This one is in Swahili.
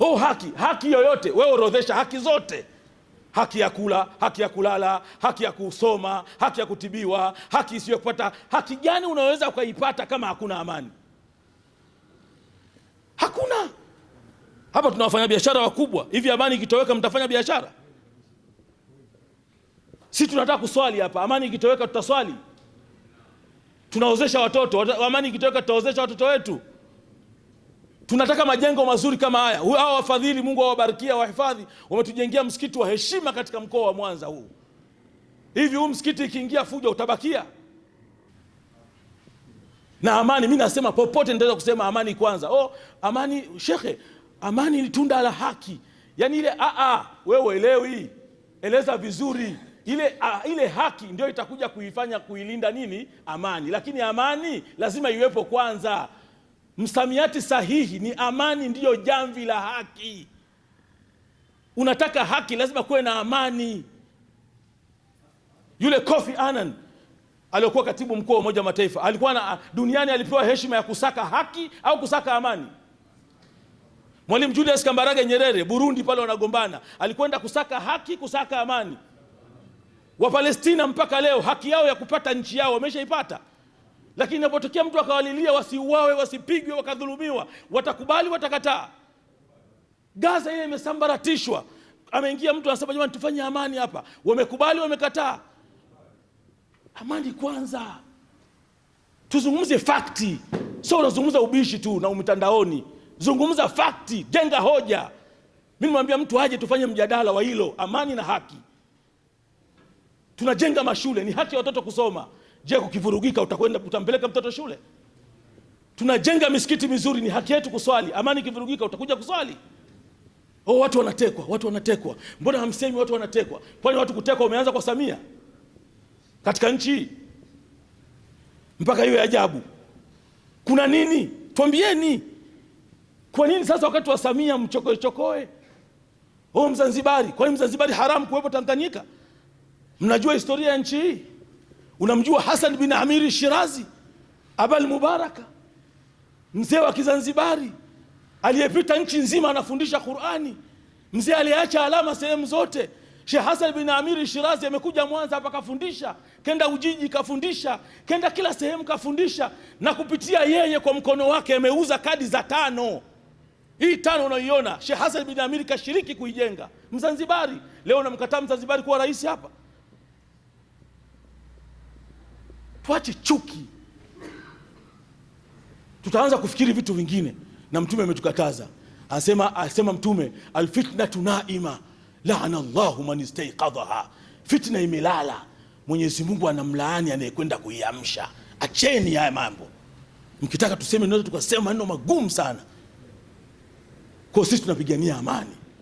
Oh, haki haki yoyote wewe orodhesha haki zote haki ya kula, haki ya kulala, haki ya kusoma, haki ya kutibiwa, haki isiyo kupata. Haki gani unaweza ukaipata kama hakuna amani? Hakuna. Hapa tuna wafanyabiashara wakubwa hivi, amani ikitoweka mtafanya biashara? Si tunataka kuswali hapa, amani ikitoweka tutaswali? Tunaozesha watoto, amani ikitoweka tutaozesha watoto wetu? Tunataka majengo mazuri kama haya. Hawa wafadhili, Mungu awabarikia, wahifadhi, wametujengea msikiti wa heshima katika mkoa wa Mwanza huu. Hivi huu msikiti ikiingia fujo utabakia na amani? Mi nasema popote nitaweza kusema amani kwanza. Oh, amani shekhe, amani ni tunda la haki. Yaani ile aa, ah, ah, wewe uelewi, eleza vizuri ile, a, ah, ile haki ndio itakuja kuifanya kuilinda nini amani, lakini amani lazima iwepo kwanza msamiati sahihi ni amani ndiyo jamvi la haki. Unataka haki, lazima kuwe na amani. Yule Kofi Annan aliyokuwa katibu mkuu wa Umoja wa Mataifa alikuwa na duniani, alipewa heshima ya kusaka haki au kusaka amani? Mwalimu Julius Kambarage Nyerere, Burundi pale wanagombana, alikwenda kusaka haki, kusaka amani. Wapalestina mpaka leo haki yao ya kupata nchi yao wameshaipata lakini inapotokea mtu akawalilia wasiuawe, wasipigwe, wakadhulumiwa, watakubali? Watakataa? Gaza ile imesambaratishwa, ameingia mtu anasema jamani, tufanye amani hapa. Wamekubali? Wamekataa? Amani kwanza, tuzungumze fakti, so unazungumza ubishi tu na umtandaoni. Zungumza fakti, jenga hoja. Mi nimwambia mtu aje tufanye mjadala wa hilo, amani na haki. Tunajenga mashule, ni haki ya watoto kusoma. Je, kukivurugika utakwenda utampeleka mtoto shule? Tunajenga misikiti mizuri, ni haki yetu kuswali. Amani ikivurugika utakuja kuswali? Oh, watu wanatekwa, watu wanatekwa. Mbona hamsemi watu wanatekwa? Kwani watu kutekwa umeanza kwa Samia katika nchi hii mpaka iwe ajabu? Kuna nini? Twambieni kwa nini sasa wakati wa Samia mchokoe chokoe? Oh, Mzanzibari, kwani Mzanzibari haramu kuwepo Tanganyika? Mnajua historia ya nchi hii? Unamjua Hasan bin Amiri Shirazi Abal Mubaraka, mzee wa Kizanzibari aliyepita nchi nzima anafundisha Qurani, mzee aliyeacha alama sehemu zote. Sheikh Hasan bin Amiri Shirazi amekuja Mwanza hapa kafundisha, kenda Ujiji kafundisha, kenda kila sehemu kafundisha, na kupitia yeye kwa mkono wake ameuza kadi za tano. Hii tano unaiona Sheikh Hasan bin Amiri kashiriki kuijenga, Mzanzibari. Leo namkataa Mzanzibari kuwa rais hapa tuache chuki, tutaanza kufikiri vitu vingine, na mtume ametukataza. Asema, asema mtume alfitnatu naima laana llahu man istaiqadhaha, fitna imelala, Mwenyezi Mungu anamlaani anayekwenda kuiamsha. Acheni haya mambo, mkitaka tuseme, tunaweza tukasema maneno magumu sana. Kwa sisi tunapigania amani.